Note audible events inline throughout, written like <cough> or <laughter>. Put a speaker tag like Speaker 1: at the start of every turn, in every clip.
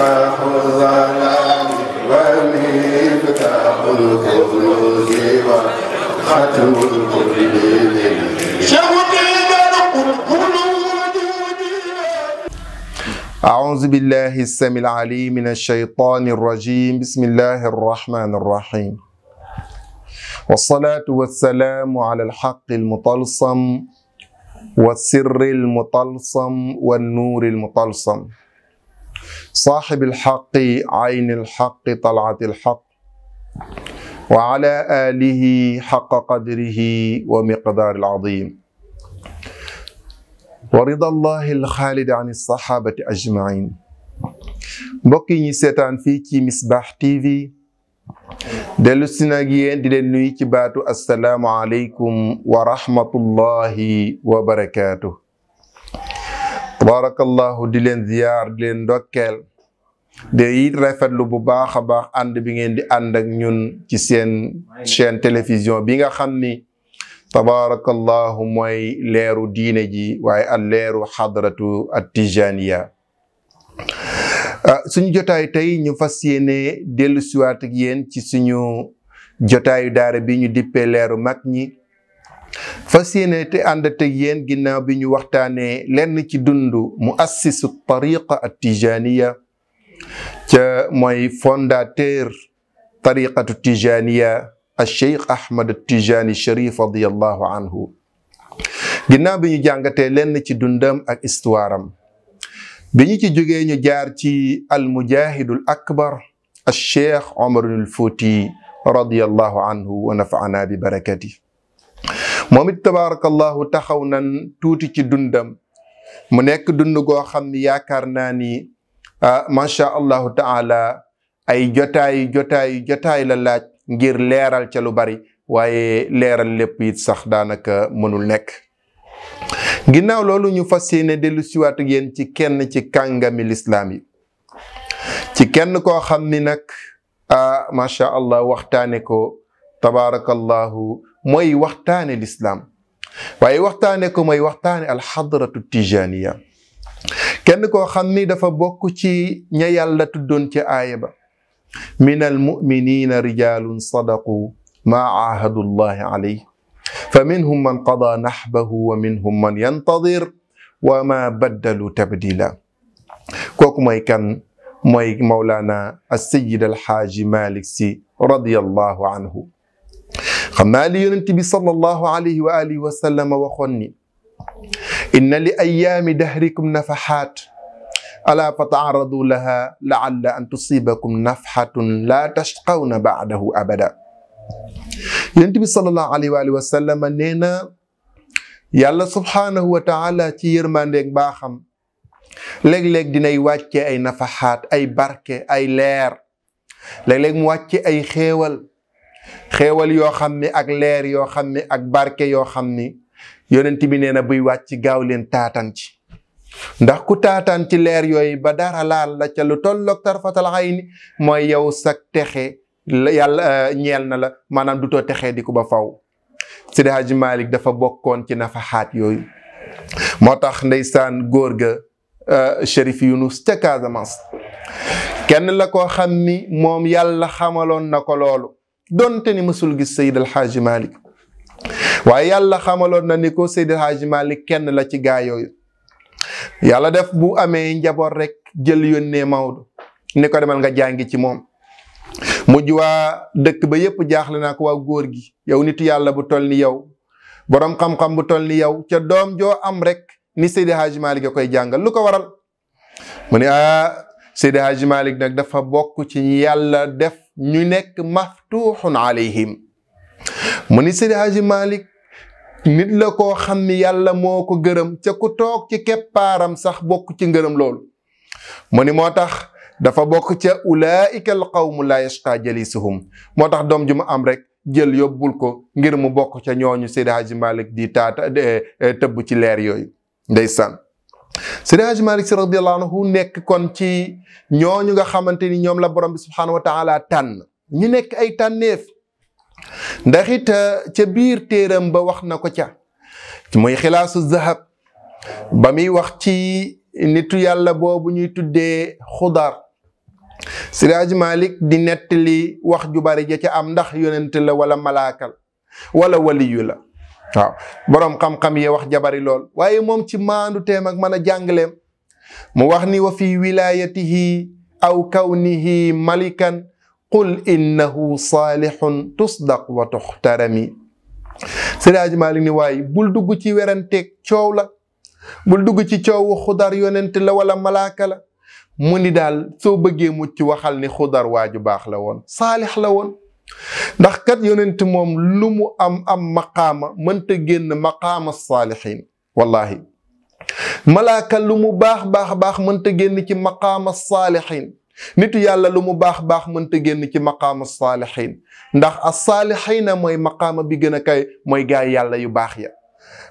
Speaker 1: أعوذ بالله السميع العليم من الشيطان الرجيم بسم الله الرحمن الرحيم والصلاة والسلام على الحق المطلسم والسر المطلسم والنور المطلسم صاحب الحق عين الحق طلعة الحق وعلى آله حق قدره ومقدار العظيم ورضا الله الخالد عن الصحابة أجمعين بقي سيتان فيك مصباح تيفي دلو سناجيين دلنويك باتو السلام عليكم ورحمة الله وبركاته tabarakallahu di leen ziyaar di leen ndokkeel day rafetlu bu baax a baax ànd bi ngeen di ànd ak ñun ci seen chaîne télévision bi nga xam ni tabarakallahu mooy leeru diine ji waaye ak leeru xadratu at tijaniya ah, suñu jotaay tey ñu fas yéene dellu siwaat ak yéen ci suñu jotaayu daara bi ñu dippee leeru mag ñi fas yéene te ànd ak yéen ginnaaw bi ñu waxtaanee lenn ci dund mu assisu tariqa at tijaniya ca mooy fondateur tariqatu tijaniya al cheikh ahmad at tijani sharif radiallahu anhu ginnaaw bi ñu jàngatee lenn ci dundam ak histoire am bi ñu ci jógee ñu jaar ci al mujahidul akbar al cheikh omar al fouti radiallahu anhu wa nafaana bi barakati moom it tabaarakallahu taxaw nan tuuti ci dundam mu nekk dund goo xam ni yaakaar naa ni ah, macha allahu ta'ala ay jotaayu jotaayu jotaay la laaj ngir leeral ca lu bari waaye leeral lépp it sax daanaka mënul nekk. ginnaaw loolu ñu fas yéene dellu siwaat ak ci kenn ci kàngami lislaam yi ci kenn koo xam ni nag ah macha allah waxtaane ko tabaarakallahu mooy waxtaane lislaam waaye waxtaane ko mooy waxtaane alxadratu tijaniya kenn koo xam ni dafa bokk ci ña yàlla tuddoon ci aaya ba min almuminina rijalun sadaqu ma aahadu llahi alayh fa minhum man qada naxbahu wa minhum man yantadir wa ma baddalu tabdila kooku mooy kan mooy mawlaana alsayid alxaaji malik si radiallahu anhu xam naa li yonent bi sallallahu alayhi wa alihi wa sallam waxoon ni inna li ayaami dahrikum nafaxaat alaa fa taaradu laha laalla an tusibakum nafxatun laa tashqawna baadahu abada yonent bi sallallahu alayhi wa alihi wa sallam nee na yàlla subhaanahu wa taala ci yërmandeeg baaxam léeg-léeg dinay wàcce ay nafaxaat ay barke ay leer léeg-léeg mu wàcce ay xéewal xewal yoo xam ni ak leer yoo xam ni ak barke yoo xam ni yonent bi nee na buy wàcc gaaw leen taataan ci ndax ku taataan ci leer yooyu ba dara laal la ca lu tolloog tarfatal xayni mooy yow sak texe yàlla euh, ñeel la maanaam du too texee di ko ba faw Sidi Hadji dafa bokkoon ci nafaxaat yooyu moo tax ndeysaan góor ga euh, Chérif Younous ca Casamance kenn la koo xam ni moom yàlla xamaloon na ko loolu donte ni mësul gis Seydi El Hadji Malick waaye yàlla xamaloon na ni ko Seydi El Hadji kenn la ci gaa yooyu yàlla def bu amee njaboot rek jël yónnee Maodo ni ko demal nga jàngi ci moom mujj waa dëkk ba yëpp jaaxle naa ko waa góor gi yow nitu yàlla bu toll ni yow boroom xam-xam bu toll ni yow ca doom joo am rek ni Seydi El Hadji a koy jàngal lu ko waral mu ne ah Seydi El Hadji nag dafa bokk ci yàlla def ñu nekk maftuuxun alayhim mu ni Seydi Haji nit la ko xam ni yàlla moo ko gërëm ca ku toog ci keppaaram sax bokk ci ngërëm lool mu ni moo tax dafa bokk ca ulaika al qawmu la yashqa jalisuhum moo tax doom ju mu am rek jël yóbbul ko ngir mu bokk ca ñooñu Seydi Haji Malick di taata eh, eh, tëbb ci leer yooyu ndeysaan Seydi Hadji Malick Sy radiyallahu anhu nekk kon ci ñooñu nga xamante ni ñoom la borom bi subhaanahu wa tànn ñu nekk ay tànneef ndax it euh, ca biir téeram ba wax na ko ca muy xilaasu zahab ba muy wax ci nitu yàlla boobu ñuy tuddee xudar Seydi Hadji Malick di nettali wax ju bari ja ca am ndax yonent la wala malaakal wala waliyu la waaw boroom xam-xam yee wax jabari lool waaye moom ci maandu teem ak mën a jàngaleem mu wax ni wa fi wilayatihi aw kawnihi malikan qul innahu saalihun tusdaq wa tuxtarami sëriñ Maalik ni waaye bul dugg ci weranteeg coow la bul dugg ci coowu xudar yonent la wala malaaka la mu ni daal soo bëggee mucc waxal ni xudar waaju baax la woon saalix la woon ndax kat yonent moom lu mu am am maqaama mënta génn maqaama saalixiin wallahi malaaka lu mu baax baax baax mënta génn ci maqaama saalixiin nitu yàlla lu mu baax baax mënta génn ci maqaama saalixiin ndax a saalixiina mooy maqaama bi gën kay mooy gaay yàlla yu baax ya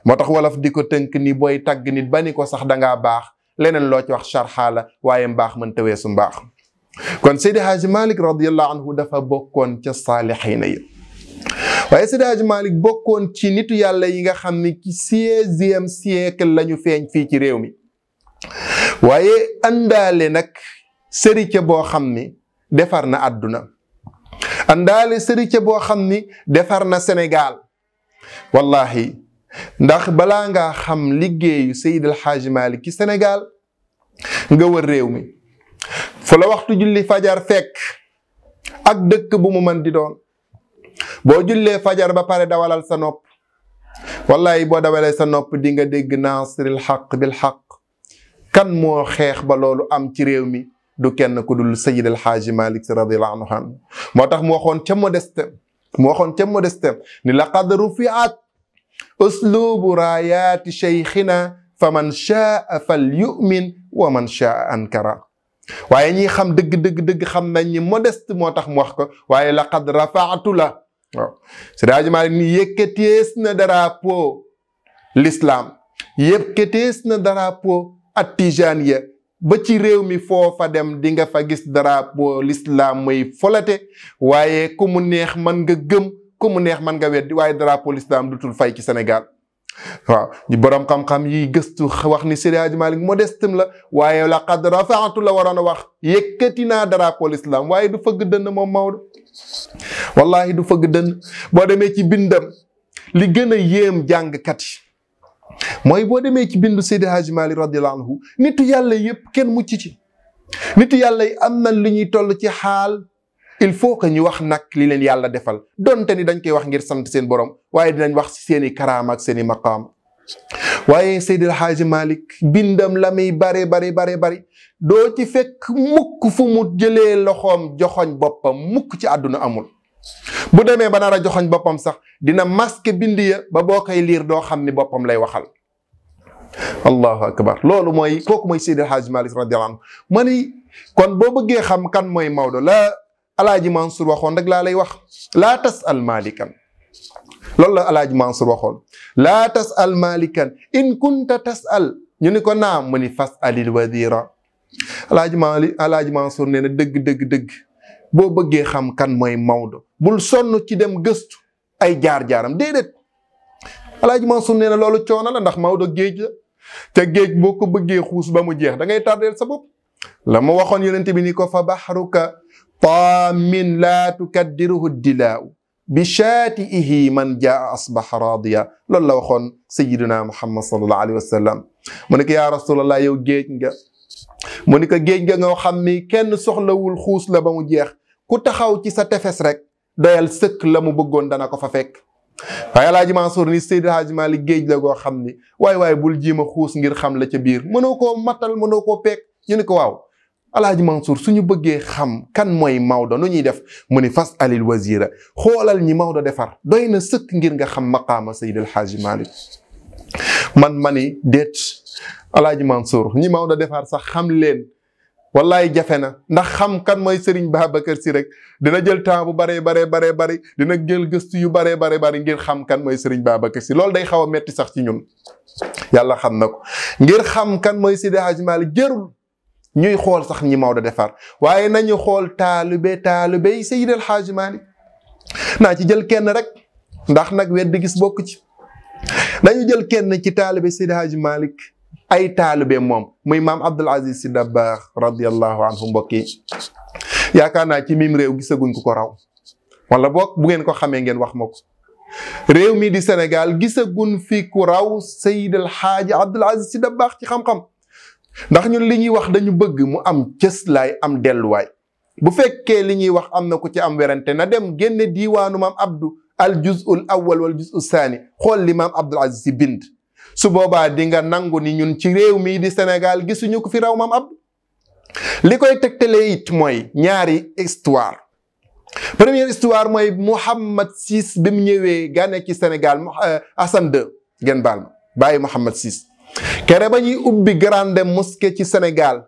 Speaker 1: moo tax wolof di ko tënk ni booy tàgg nit ba ni ko sax dangaa baax leneen loo ci wax charxaala waaye mbaax mënta weesu mbaax kon Seydi Haaji Malik radiallahu anhu dafa bokkoon ca saalixiina yi waaye Seydi Haaji Malik bokkoon ci nitu yàlla yi nga xam ne ci seizième siècle lañu feeñ fii ci réew mi waaye àndaale nag sërica boo xam ni defar na àdduna àndaale sërica boo xam ni defar na Sénégal wallahi ndax balaa nga xam liggéeyu Seydi El Malik ci Sénégal nga wër réew mi fu la waxtu julli fajar fekk ak dëkk bu mu mën di doon boo jullee fajar ba pare dawalal sa nopp wallahi boo dawalee sa nopp di nga dégg naasiril xaq bil xaq kan moo xeex ba loolu am ci réew mi du kenn ku dul sayid alxaaji malik si radiallahu anhu an moo tax mu waxoon ca modeste mu waxoon ca modeste ni laqad rufiat uslubu raayaati cheykhina fa man chaa fal yumin wa man chaa ankara waaye ñi xam dëgg dëgg dëgg xam nañ ni modeste moo tax mu wax ko waaye laqad rafaatu la waaw Seydi Hadji Malick ni yëkkatees na drapeau lislaam yëkkatees na drapeau at tijaniya ba ci réew mi foofa dem di nga fa gis drapeau l'islam muy folate waaye ku mu neex man nga gëm ku mu neex man nga weddi waaye drapeau l'islam dutul fay ci Sénégal waaw ñu borom xam yi gëstu wax ni Seydi Hadji Malick modestam la waaye laqad rafa'tu la waroon wax yëkkati naa drapeau l'islam waaye du fëgg dënn moom Maodo wallahi du fëgg dënn boo demee ci bindam li gën a yéem jàngkat mooy boo demee ci bindu Seydi Hadji Malick anhu nitu yàlla yëpp kenn mucc ci nitu yàlla yi am na lu toll ci xaal il faut que ñu wax nag li leen yàlla defal donte ni dañ koy wax ngir sant seen borom waaye dinañ wax si seen i karaama ak waaye Seydil Hadji malik bindam la muy bare bare bare bari doo ci fekk mukk fu mu jëlee loxoom joxoñ boppam mukk ci àdduna amul bu demee ba nar a joxoñ boppam sax dina maske bind ya ba boo koy liir doo xam ni boppam lay waxal allahu akbar loolu mooy kooku mooy Seydil Hadji Malick radiyallahu anhu ma ni kon boo mooy Maodo la alaaji Mansour waxon rek la lay wax la tasal malikan lol la alaaji Mansour waxon la tasal malikan in kunta tasal ñu ni ko na mu ni fas alil wazira alaaji Mali alaaji Mansour nee na deug deug dëgg boo bëggee xam kan moy Maodo bul sonu ci dem gëstu ay jaar-jaaram dedet alaaji Mansour neena lolou choona la ndax Maodo geej la te geej boko beugé bëggee ba mu jeex da ngay tardel sa bop lama bi ni ko fa bahruka taamin laa tukaddiruhu dilaaw bi shaatiihi man jaa asbaha raadiya loolu la waxoon sayiduna muhammad salallahu alayhi wa sallam mu ne ko yaa rasulallah yow géej nga mu ne ko géej nga nga xam ni kenn soxlawul xuus la ba mu jeex ku taxaw ci sa tefes rek doyal sëkk la mu bëggoon dana ko fa fekk waaye alaaji Mansour ni Seydi Alaaji Maalik géej la goo xam ni waay waay bul jiima xuus ngir xam la ca biir mënoo koo matal mënoo koo peek ñu ne ko waaw alaaji Mansour suñu bëggee xam kan mooy Maodo nu ñuy def mu ni fas alil wazira xoolal ñi Maodo defar doy na sëkk ngir nga xam maqaama Seydi El Hadji Malick man mani déet alaaji Mansour ñi Maodo defar sax xam leen wallaay jafe na ndax xam kan mooy Serigne Babacar si rek dina jël temps bu baree baree baree bari dina jël gëstu yu baree baree bari ngir xam kan mooy Serigne Babacar si loolu day xaw a metti sax ci ñun yàlla xam na ko ngir xam kan mooy Seydi El Hadji jërul ñuy xool sax ñi Maodo defar waaye nañu xool taalibe taalibe yi Seydi El Hadji Malick naa ci jël kenn rek ndax nag wedd gis bokk ci nañu jël kenn ci taalibe Seydi El Hadji Malick ay taalibe moom muy maam Abdul Aziz Sy Dabakh radiyallahu anhu mbokk yi yaakaar naa ci mim réew gisaguñ ko ko raw wala boog bu ngeen ko xamee ngeen wax ma ko réew mi di Sénégal gisaguñ fi ku raw Seydi El Hadji Abdul Aziz ci xam-xam ndax ñun li ñuy wax dañu bëgg mu am cëslaay am delluwaay bu fekkee li ñuy wax am na ku ci am werante na dem génne diiwaanu mam Abdou al juzul awwal wal juzul saani xool li maam Abdul Aziz si bind su boobaa di nga nangu ni ñun ci réew mii di senegal gisuñu ko fi raw mam Abdou li koy tegtalee it mooy ñaari histoire première histoire mooy Mouhamad Siis bi mu ñëwee gane ci Sénégal euh, Hassan II gën baal ma bàyyi Mouhamad Siis kere ba ñuy ubbi grande mosquée ci Sénégal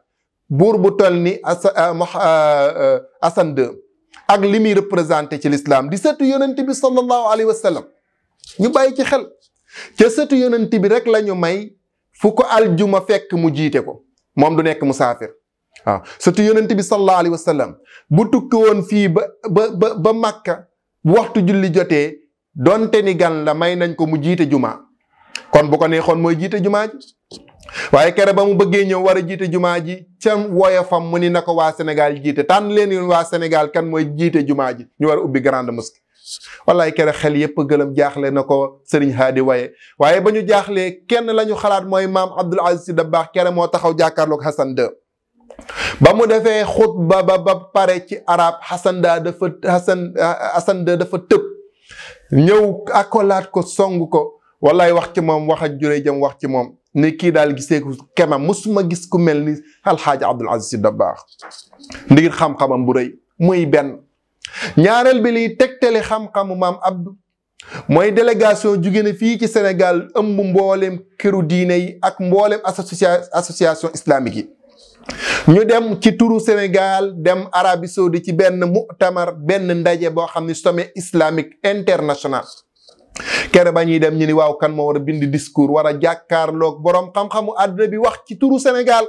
Speaker 1: buur bu toll ni Hassan euh, euh, euh, II ak li muy représenté ci lislaam di sëtu yonent bi sallallahu alayhi wa ñu bàyyi ci xel ca sëtu yonent bi rek lañu may fu ko aljuma fekk mu jiite ko moom du nekk musaafir waaw sëtu yonent bi sallallahu alayhi wa bu tukki woon fii ba ba ba Makka bu waxtu julli jotee donte ni gan la may nañ ko mu jiite juma kon bu ko xon mooy jiite jumaa ji waaye kere ba mu bëggee ñëw war a jiite jumaa ji ca woyofam mu ni na ko waa Sénégal jiite tànn leen yéen waa Sénégal kan mooy jiite jumaa ji ñu war a ubbi grande mosquée wallaay kere xel yépp gëlëm jaaxle na ko Serigne Hadi waye waaye ba ñu jaaxlee kenn la ñu xalaat mooy maam Abdoul Aziz Sy Dabakh kere moo taxaw jàkkaarloog Hassan ba mu defee xutba ba ba pare ci araab Hassan II dafa dafa tëb ñëw akolaat ko song ko wallaay wax ci moom wax ak juree jëm wax ci moom ne kii daal gisee ko kema musuma gis ku mel ni alxaaji Abdul Aziz Si ndigir xam-xamam bu rëy muy benn ñaareel bi liy tegtale xam-xamu maam Abdou mooy délégation jugee na fii ci senegal ëmb mboolem këru diine yi ak mboolem associa association islamique yi. ñu dem ci turu Sénégal dem Arabie Saoudite ci benn mu'tamar benn ndaje boo xam ne sommet islamique international. kere ba ñuy dem ñu ni waaw kan moo war a bind discours war a jàkkaarloog boroom xam-xamu àdduna bi wax ci turu senegal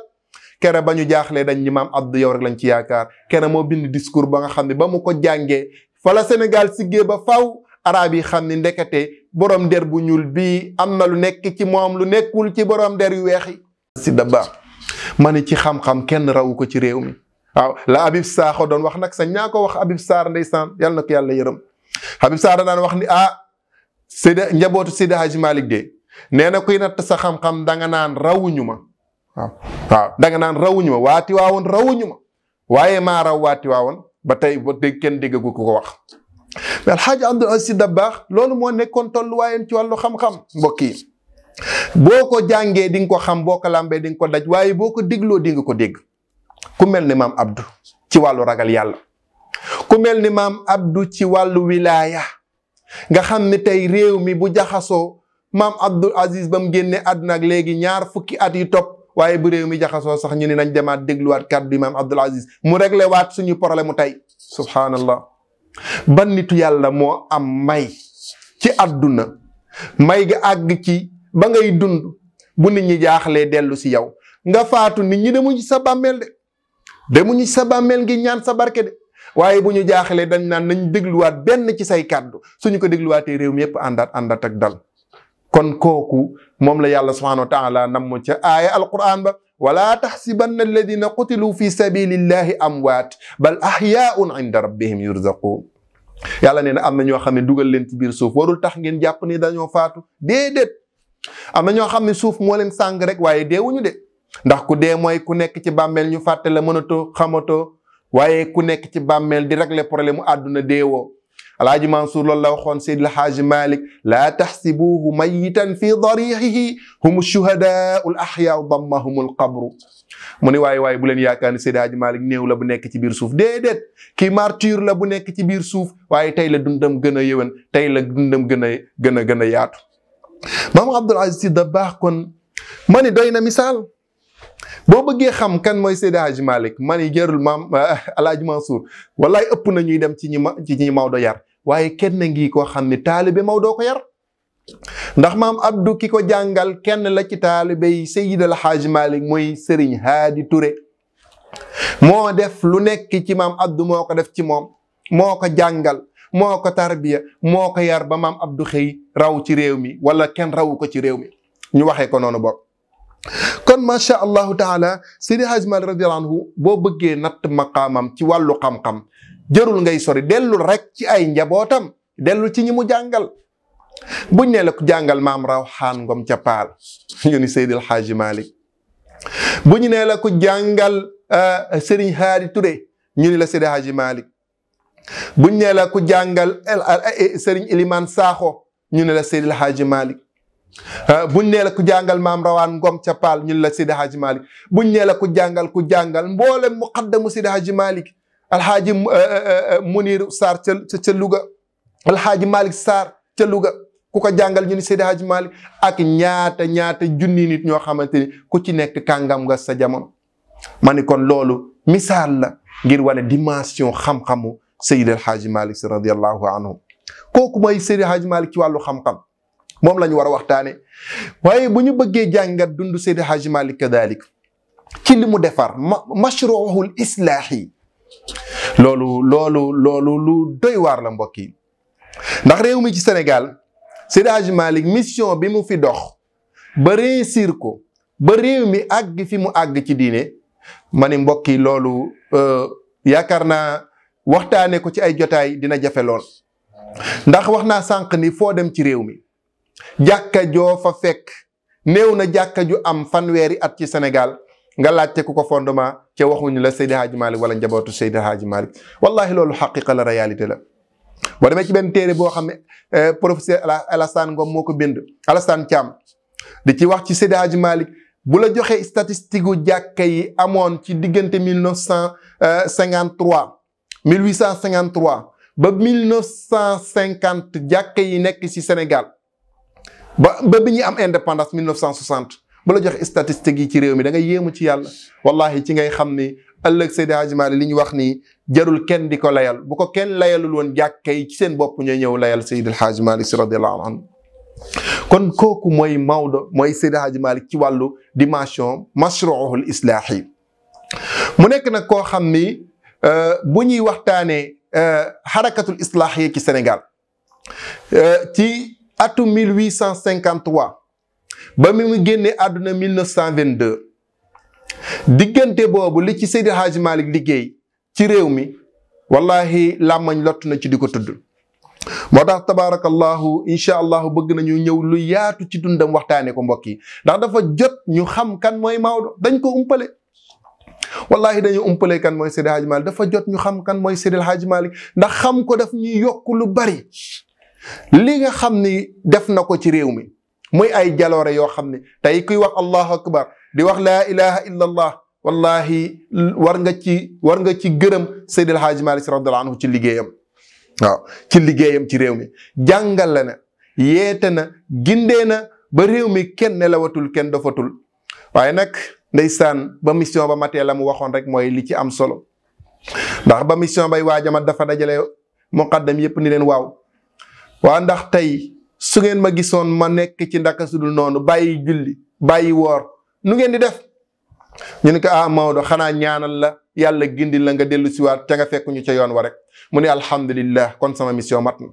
Speaker 1: kere ba ñu jaaxlee dañ ñi maam Abdou yow rek lañ ci yaakaar kere moo bind discours ba nga xam ne ba mu ko jànge fala Sénégal siggee ba faw araab yi xam ni ndekete boroom der bu ñuul bii am na lu nekk ci moom lu nekkul ci borom der yu weex yi. si daba ma ni ci xam-xam kenn rawu ko ci réew mi waaw la Habib Sakho doon wax nag sañ ñaa ko wax Habib Sarr ndeysaan yàlla na ko yàlla yërëm Seyda njabootu Seyda Hadji Malick de nee na kuy natt sa xam-xam danga naan rawuñu ma waaw danga naan rawuñu ma waati waawoon rawuñu ma waaye maa raw waati waawoon ba tey ba tey kenn déggagu ko wax. mais alxaaji Abdul Asiis baax loolu moo nekkoon tollu tolluwaayam ci wàllu xam-xam mbokk yi boo ko jàngee di nga ko xam boo ko lambee di ko daj waaye boo ko dégloo di nga ko dégg ku mel ni maam Abdou ci wàllu ragal yàlla ku mel ni maam Abdou ci wàllu wilaaya. nga xam ne tey réew mi bu jaxasoo maam Abdul Aziz ba mu génnee àdduna ak léegi ñaar fukki at yu topp waaye bu réew mi jaxasoo sax ñu ne nañ demaat dégluwaat kàddu yi maam Abdul Aziz mu réglé waat suñu problème mu tey subhaanallah ban nitu yàlla moo am may ci àdduna may ga àgg ci ba ngay dund bu nit ñi jaaxlee dellu si yow nga faatu nit ñi demuñu sa bàmmeel de demuñu sa bàmmeel ngi ñaan sa barke de waaye bu ñu jaaxalee dañ naan nañ dégluwaat benn ci say kàddu suñu ko dégluwaatee réew mi yëpp àndaat àndaat ak dal kon kooku moom la yàlla subhaanahu wa taala namm ca aaya alquran ba wala taxsibanna alladina qutiluu fi sabilillahi amwaat bal ahyaun inda rabbihim yurzaquun yàlla nee na am na ñoo xam ne dugal leen ci biir suuf warul tax ngeen jàpp ni dañoo faatu déedéet am na ñoo xam ne suuf moo leen sàng rek waaye deewuñu de ndax ku dee mooy ku nekk ci bàmmeel ñu fàtte mënatoo xamatoo waaye ku nekk ci bàmmeel di régler problème mu àdduna deewoo alaaji Mansour loolu la waxoon Seydil Haaji Malik laa taxsibuuhu mayitan fi dariixihi hum shuhadaau l axyaau dammahum l qabru mu ne waaye waaye bu leen yaakaar ne Seydi Haaji Malik néew la bu nekk ci biir suuf déedéet kii martyr la bu nekk ci biir suuf waaye tey la dundam gën a yëwan tey la dundam gën a gën a gën a yaatu maam Abdul Aziz Si Dabaax kon ma ni doy na misaal boo bëggee xam kan mooy Seydi Hadji Malick man yi gerul maam <laughs> El Hadj Mansour walaay ëpp na ñuy dem ci ñi ma ci ñi Maodo yar waaye kenn ngi koo xam ni taalibe Maodo ko yar. ndax maam Abdou ki ko jàngal kenn la ci taalibe yi Seydi El Hadji Malick mooy Serigne Hadi ture moo def lu nekk ci maam Abdou moo ko def ci moom moo ko jàngal. moo ko tarbiya moo ko yar ba maam Abdou xëy raw ci réew mi wala kenn rawu ko ci réew mi ñu waxee ko noonu bokk kon macha allahu taala Seydi Hadj Malick radiyallahu anhu boo bëggee natt maqaamam ci wàllu xam-xam jërul ngay sori dellu rek ci ay njabootam dellu ci ñi mu jàngal. buñ ne la ku jàngal maam raw xaan ngom ca paal <laughs> ñu ni Seydi El Hadj Malick buñ ku jàngal eh, Serigne Haadi Touré ñu ni la Seydi El buñ ne ku jàngal Serigne Elimane Sakho ñu ne la Seydi El Ah, buñ nee la ku jàngal maam rawaan ngom ca paal ñun la Sidi Hadji Malick buñ nee la ku jàngal ku jàngal mboolem muqaddamu Sidi Hadji Malick alxaaji eh, eh, eh, Munir Sarr ca ca Louga alxaaji Malick Sarr ca Louga ku ko jàngal ñu ni Sidi Hadji Malick ak ñaata ñaata junni nit ñoo xamante ni ku ci nekk kàngam nga sa jamono ma ni kon loolu misaal la ngir wane dimension xam-xamu Seydi Alxaaji Malick si radiallahu anhu kooku mooy Seydi Hadji Malick ci wàllu xam-xam moom la war a waxtaane waaye bu ñu bëggee jàngat dundu Seydi Haaji Malik kadalik ci li mu defar ma mashruuhul islaahi loolu loolu loolu lu doy waar la mbokk yi ndax réew mi ci senegal Seydi Haaji Malik mission bi mu fi dox ba réussir ko fi mu àgg ci diine ma ni mbokk yi loolu euh, yaakaar naa waxtaane ko ci ay jotaay dina jafe lool ndax wax naa sànq ni foo dem ci réew mi jàkka joo fa fekk néew na jàkka ju am fanweeri at ci Sénégal nga laajte ku ko fondement ca waxuñu la Seydi Hadji Malick wala njabootu Seydi Hadji Malick wallahi loolu xaqiqa la réalité la boo demee ci benn téere boo xam ne euh, professeur Alassane Ngom moo ko bind Alassane Thiam di ci wax ci Seydi Hadji Malick bu la joxee statistique gu jàkka yi amoon ci diggante mille neuf cent euh, cinquante trois mille huit cent ba mille neuf cent cinquante jàkka yi nekk ci Sénégal ba ba bi ñuy am indépendance 1960 bu la joxe statistiques yi ci réew mi da nga ci yàlla wallahi ci ngay xam ni ëllëg Seydi Hadji Malick li ñu wax nii jarul kenn di ko layal bu ko kenn layalul woon jàkka yi ci seen bopp ñooy ñëw layal Seydi Hadji Malick si radiyallahu anhu kon kooku mooy Maodo mooy Seydi Hadji ci wàllu dimension mashruuhul islaahi mu nekk nag koo xam ni euh, bu ñuy waxtaanee xarakatul euh, yi ci Sénégal euh, atum 1853 ba mi mu génnee àdduna 1922 diggante boobu li ci Seydi Hadji Malick liggéey ci réew mi wallahi làmmañ lott na ci di ko tudd moo tax tabaarakallahu incha allah bëgg na nañu ñëw lu yaatu ci dundam waxtaanee ko mbokki yi ndax dafa jot ñu xam kan mooy Maodo dañ ko umpale wallahi dañu umpale kan mooy Seydi Hadji Malick dafa jot ñu xam kan mooy Seydi Hadji malik ndax xam ko daf ñuy yokk lu bari li nga xam ni def na ko ci réew mi muy ay jaloore yoo xam ne tey kuy wax allahu akbar di wax laa ilaha illa allah wallahi war nga ci war nga ci gërëm Seydil Haaji Maalik Si radiyallahu anhu ci liggéeyam waaw ci liggéeyam ci réew mi jàngale na yeete na gindee na ba réew mi kenn nelawatul kenn dofatul waaye nag ndeysaan ba mission ba matee la mu waxoon rek mooy li ci am solo ndax ba mission bay waajamat dafa dajale muqaddam yépp ni leen waaw waa ndax tey su ngeen ma gisoon ma nekk ci ndaka sudul noonu bàyyi julli bàyyi woor nu ngeen di def ñu ne ko ah Maodo xanaa ñaanal la yàlla gindi la nga dellu siwaat ca nga fekk ca yoon wa rek mu ne alhamdulillah kon sama mission mat na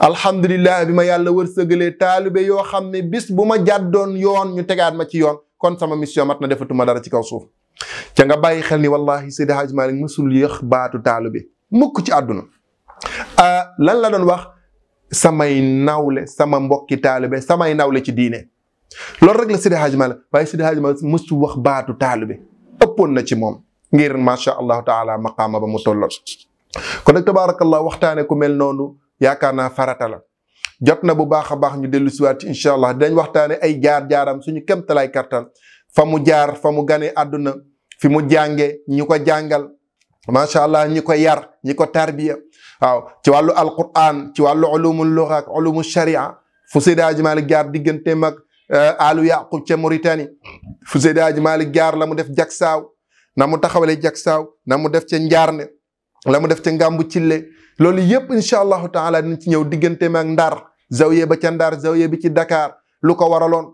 Speaker 1: alhamdulillah bi ma yàlla war wërsëgalee taalibe yoo xam ne bis bu ma jàddoon yoon ñu tegaat ma ci yoon kon sama mission mat na defatuma dara ci kaw suuf ca nga bàyyi xel ni wallahi Seydi Hajji Maalik mësul yëx baatu taalibe mukk ci àdduna ah, lan la doon wax samay nawle sama mbokki taalibe samay nawle ci diine loolu rek la Sidi Hadj Malick waaye Sidi Hadj Malick musu wax baatu taalibe ëppoon na ci moom ngir macha allah taala maqaama ba mu tollal kon nag tabaarakallah waxtaane ku mel noonu yaakaar naa farata la jot na bu baax a baax ñu dellu siwaat ci incha allah dañ waxtaane ay jaar-jaaram suñu kéemtalaay kattan fa mu jaar fa mu gane àdduna fi mu jànge ñu ko jàngal macha allah ñi ko yar ñi ko tarbiya waaw ci wàllu alquran ci wàllu ulumul luga ak ulumu sharia fu Seydi Hadji Malick jaar digganteem ak Alu Yaqub ca Mauritanie fu Seydi Hadji Malick jaar la mu def jagsaaw na mu taxawalee jagsaaw na mu def ca njaarne la mu def ca ngàmbu cille loolu yëpp incha allahu taala dinañ ci ñëw digganteem ak ndar zawiye ba ca ndar zawiye bi ci Dakar lu ko waraloon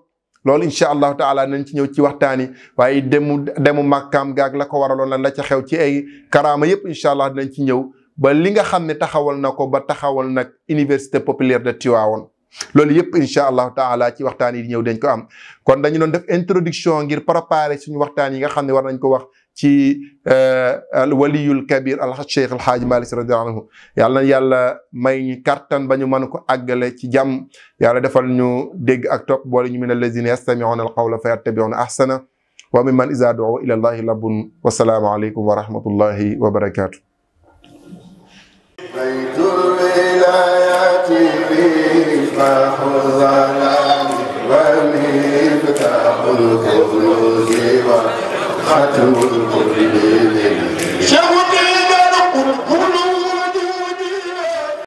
Speaker 1: loolu incha allahu taala nañ ci ñëw ci waxtaan yi waaye demu demu màkkaam gaag la ko waraloon lan la ca xew ci ay karaama yépp incha allah dinañ ci ñëw ba li nga xam ne taxawal na ko ba taxawal nag université populaire de Tivaouane loolu yépp incha allahu taala ci waxtaan yi ñëw dañ ko am kon dañu doon def introduction ngir préparer suñu waxtaan yi nga xam ne war nañ ko wax الولي الكبير الشيخ الحاج مالك رضي الله عنه يالا يلا ماي ني بنو با ني مانو كو اغال سي جام يالا من الذين يستمعون القول فيتبعون احسنه ومن اذا دعوا الى الله لب والسلام عليكم ورحمه الله وبركاته بيت الولايات فيه فخذ ومن فتح الخلق I can't Shatrur Bhuvi